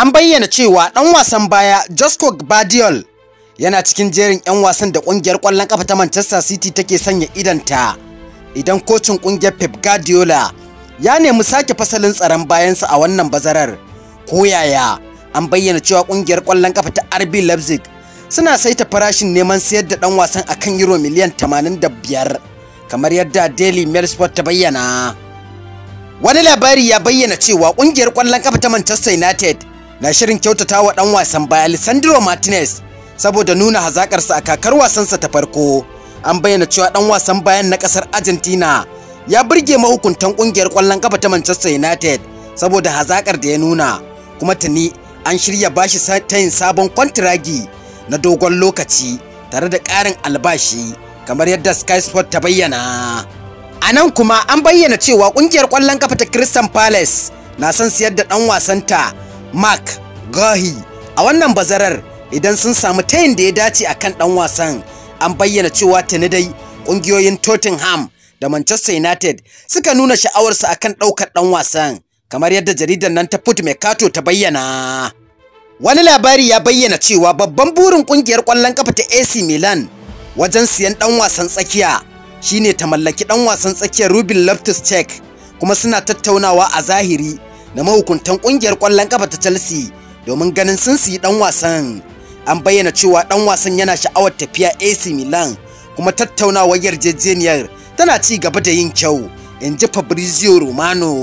an bayyana cewa ɗan wasan baya Josco Gbadiol yana cikin jerin 'yan wasan da ƙungiyar kwallon ƙafa ta Manchester City take sanya idanta idan kocin ƙungiyar Pep Guardiola ya nemi sake fasalin tsaron bayansa a wannan bazarar. Ko yaya an bayyana cewa ƙungiyar ƙwallon ƙafa ta RB Leipzig suna saita farashin neman sayar da ɗan wasan akan euro miliyan 85 kamar yadda Daily Mail Sport ta bayyana. Wani labari ya bayyana cewa ƙungiyar ƙwallon kafa ta Manchester United na shirin kyautata wa ɗan wasan baya Lisandro Martinez saboda nuna hazaƙarsa a kakar wasansa ta farko. An bayyana cewa ɗan wasan bayan na ƙasar Argentina ya burge mahukuntan ƙungiyar kwallon ƙafa ta Manchester United saboda hazaƙar da ya nuna. Kuma tuni an shirya bashi tayin sabon kwantiragi na dogon lokaci tare da ƙarin albashi kamar yadda Sky Sport ta bayyana. A nan kuma an bayyana cewa ƙungiyar kwallon kafa ta Crystal Palace na son siyar da ɗan wasanta mark gahi a wannan bazarar idan sun samu tayin da ya dace a kan ɗan wasan an bayyana cewa tuni dai ƙungiyoyin tottenham da manchester united suka nuna sha'awarsu a kan ɗaukar ɗan wasan kamar yadda jaridar nan ta put mercato ta bayyana wani labari ya bayyana cewa babban burin ƙungiyar ƙwallon kafa ta ac milan wajen siyan ɗan wasan tsakiya shine ta mallaki ɗan wasan tsakiya rubin loftus cheek kuma suna tattaunawa a zahiri Na mahukuntan kungiyar kwallon kafa ta Chelsea domin ganin sun siyi dan wasan. An bayyana cewa dan wasan yana sha'awar tafiya AC Milan kuma tattaunawar yarjejeniyar tana ci gaba da yin kyau, in ji Fabrizio Romano.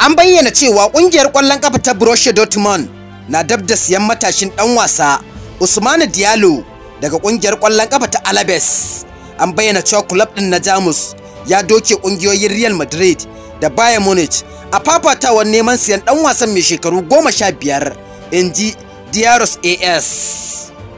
An bayyana cewa kungiyar kwallon kafa ta Borussia Dortmund na dab da siyan matashin dan wasa Usmanu Diallo daga kungiyar kwallon kafa ta Alaves. An bayyana cewa club din na Jamus ya doke kungiyoyin Real Madrid da Bayern Munich a fafatawar neman siyan ɗan wasan mai shekaru goma sha biyar in ji diaros as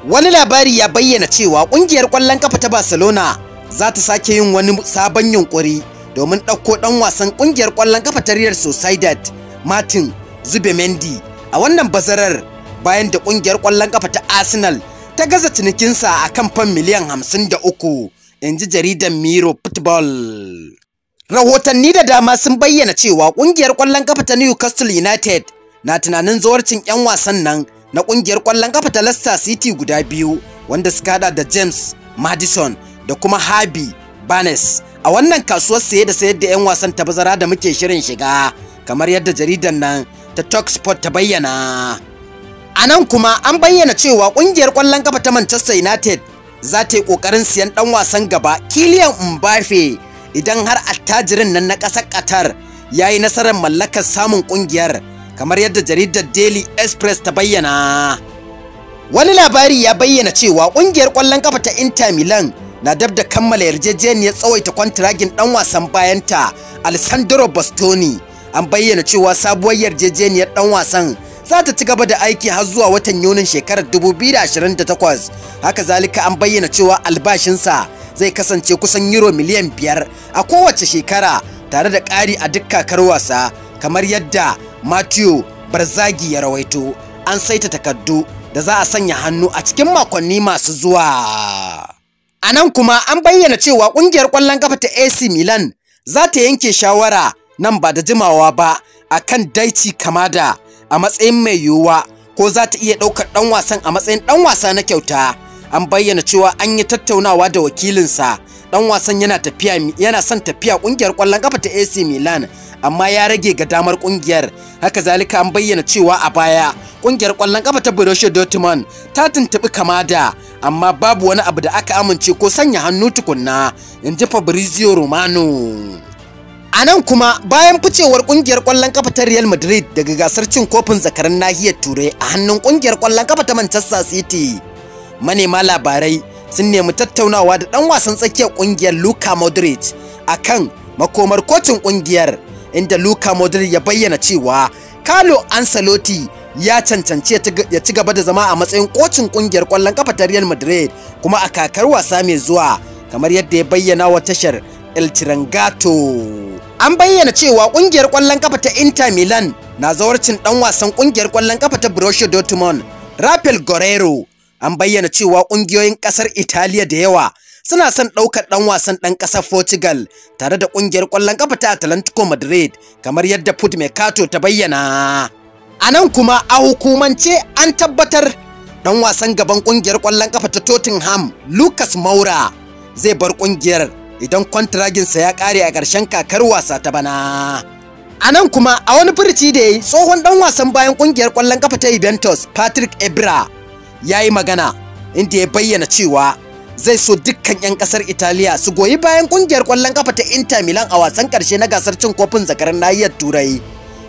wani labari ya bayyana cewa ƙungiyar ƙwallon kafa ta barcelona za ta sake yin wani sabon yunƙuri domin ɗauko ɗan wasan ƙungiyar ƙwallon kafa ta real sociedad martin zubemendi a wannan bazarar bayan da ƙungiyar ƙwallon kafa ta arsenal ta gaza cinikinsa a kan fan miliyan hamsin da uku in ji jaridan miro football Rahotanni da dama sun bayyana cewa ƙungiyar kwallon ƙafa ta Newcastle United na tunanin zawarcin 'yan wasan nan na ƙungiyar kwallon kafa ta Leicester City guda biyu wanda suka hada da James Madison da kuma Harvey Barnes a wannan kasuwar saye da sayar da 'yan wasan ta bazara da muke shirin shiga kamar yadda jaridar nan ta Talksport ta bayyana. A nan kuma an bayyana cewa ƙungiyar kwallon kafa ta Manchester United za ta yi ƙoƙarin siyan ɗan wasan gaba Kylian Mbappe idan har attajirin nan na ƙasar Qatar ya yi nasarar mallakar samun ƙungiyar kamar yadda jaridar Daily Express ta bayyana. Wani labari ya bayyana cewa ƙungiyar ƙwallon ƙafa ta Inter Milan na dab da kammala yarjejeniyar tsawaita kwantiragin ɗan wasan bayanta Alessandro Bastoni. An bayyana cewa sabuwar yarjejeniyar ɗan wasan za ta ci gaba da aiki har zuwa watan Yunin shekarar 2028. Haka zalika an bayyana cewa albashinsa zai kasance kusan euro miliyan biyar a kowace shekara tare da ƙari a duk kakar wasa kamar yadda matthew barzagi ya rawaito an saita takardu da za a sanya hannu a cikin makonni masu zuwa a nan kuma an bayyana cewa ƙungiyar ƙwallon kafa ta ac milan za ta yanke shawara nan ba da jimawa ba a kan daici kamada a matsayin mai yiwuwa ko za ta iya ɗaukar ɗan wasan a matsayin ɗan wasa na kyauta an bayyana cewa an yi tattaunawa da wakilinsa dan wasan yana tafiya yana son tafiya kungiyar kwallon kafa ta AC Milan amma ya rage ga damar kungiyar haka zalika an bayyana cewa a baya kungiyar kwallon kafa ta Borussia Dortmund ta tuntubi Kamada amma babu wani abu da aka amince ko sanya hannu tukunna inji Fabrizio Romano A nan kuma bayan ficewar kungiyar kwallon kafa ta Real Madrid daga gasar cin kofin Zakarin nahiyar Turai a hannun kungiyar kwallon kafa ta Manchester City manema labarai sun nemi tattaunawa da ɗan wasan tsakiyar ƙungiyar Luka Modric akan makomar kocin ƙungiyar inda Luka Modric ya bayyana cewa Carlo Ancelotti ya cancanci ya ci gaba da zama a matsayin kocin ƙungiyar kwallon ƙafa ta Real Madrid kuma a kakar wasa mai zuwa kamar yadda ya bayyana wa tashar El Tirangato. An bayyana cewa ƙungiyar kwallon ƙafa ta Inter Milan na zawarcin ɗan wasan ƙungiyar kwallon ƙafa ta Borussia Dortmund Rafael Guerrero An bayyana cewa ƙungiyoyin ƙasar Italiya da yawa suna son ɗaukar ɗan wasan ɗan ƙasar Portugal tare da ƙungiyar ƙwallon ƙafa ta Atlantico Madrid kamar yadda Put Mercato ta bayyana. A nan kuma a hukumance an tabbatar ɗan wasan gaban ƙungiyar ƙwallon ƙafa ta Tottenham Lucas Moura zai bar ƙungiyar idan kwantiraginsa ya ƙare a ƙarshen kakar wasa ta bana. A nan kuma a wani furuci da ya yi tsohon ɗan wasan bayan ƙungiyar ƙwallon ƙafa ta Juventus Patrick Ebra ya yi magana inda ya bayyana cewa zai so dukkan 'yan kasar Italiya su goyi bayan kungiyar kwallon kafa ta Inter Milan a wasan karshe na gasar cin kofin zakarar nahiyar Turai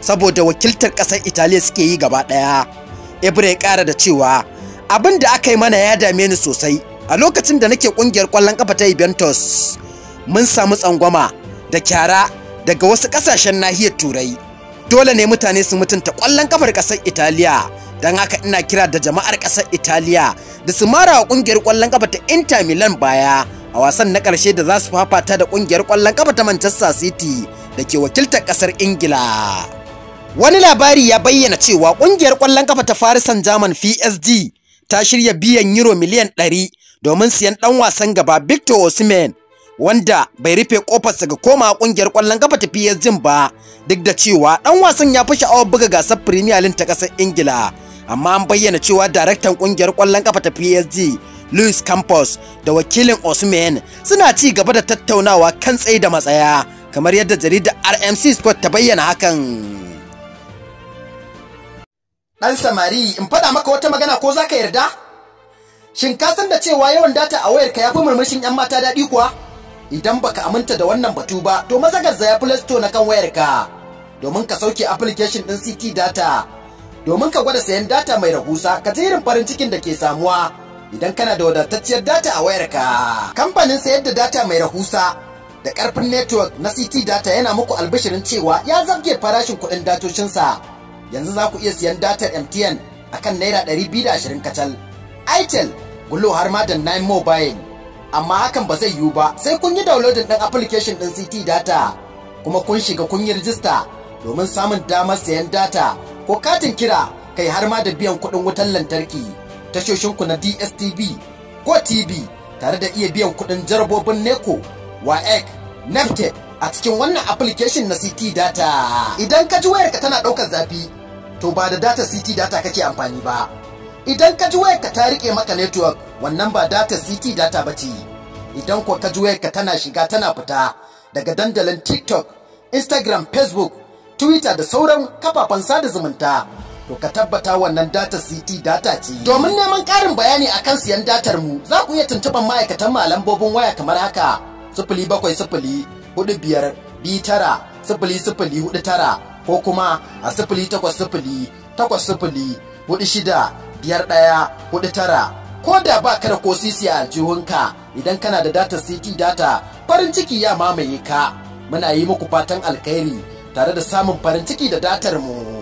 saboda wakiltar kasar Italiya suke yi gaba daya. Ibra ya kara da cewa abin da aka yi mana ya dame ni sosai a lokacin da nake kungiyar kwallon kafa ta Juventus mun samu tsangwama da kyara daga wasu kasashen nahiyar Turai. Dole ne mutane su mutunta kwallon kafar kasar Italiya don haka ina kira da jama'ar ƙasar italiya da su mara wa ƙungiyar ƙwallon ƙafa ta inter milan baya a wasan na ƙarshe da za su fafata da ƙungiyar ƙwallon ƙafa ta manchester city da ke wakiltar ƙasar ingila wani labari ya bayyana cewa ƙungiyar ƙwallon ƙafa ta Farisan saint germain psg ta shirya biyan euro miliyan 100 domin siyan ɗan wasan gaba victor osimhen wanda bai rufe kofarsa ga koma kungiyar kwallon kafa ta PSG ba duk da cewa dan wasan ya fi sha'awar buga gasar Premier League ta kasar Ingila amma an bayyana cewa daraktan kungiyar kwallon kafa ta PSG Luis Campos da wakilin Osimhen suna ci gaba da tattaunawa kan tsaye da matsaya kamar yadda jaridar RMC Sport ta bayyana hakan. Dan samari in faɗa maka wata magana ko zaka yarda? Shin ka san da cewa yawan data a wayarka ya fi murmushin 'yan mata daɗi kuwa? Idan baka aminta da wannan batu ba, to maza zaya Play Store na kan wayarka domin ka sauke application ɗin CT Data. domin ka gwada sayan data mai rahusa ka ji irin farin cikin da ke samuwa idan kana da wadatacciyar data a wayarka. Kamfanin sayar da data mai rahusa da ƙarfin network na CT data yana muku albishirin cewa ya zabge farashin kuɗin datocinsa. Yanzu za ku iya siyan datar MTN akan naira 220 kacal. Itel, Gullo har ma da Nine Mobile. Amma hakan ba zai yiwu ba sai kun yi downloading ɗin application ɗin CT data kuma kun shiga kun yi rijista domin samun damar sayan data ko katin kira kai har ma da biyan kuɗin wutar lantarki ta ku na DSTV ko TV tare da iya biyan kuɗin jarabobin NECO, WAEC, NEPTEC a cikin wannan application na CT data. Idan ka ji wayarka tana ɗaukar zafi, to ba da data CT data kake amfani ba. Idan ka ji wayarka ta riƙe maka network, wannan ba data CT data ba ce. Idan ko ka ji wayarka tana shiga tana fita daga dandalin TikTok, Instagram, Facebook, twitter da sauran kafafen sada zumunta to ka tabbata wannan data city data ce domin neman ƙarin bayani akan siyan datar mu za ku iya tuntuɓar ma'aikatan mu a lambobin waya kamar haka sifili bakwai sifili hudu biyar biyu tara sifili sifili hudu tara ko kuma a sifili takwas biyar ɗaya hudu ko da ba ka da ko sisi a aljihunka idan kana da data city data farin ciki ya mamaye ka muna yi muku fatan alkhairi tare da samun farin ciki da datar mu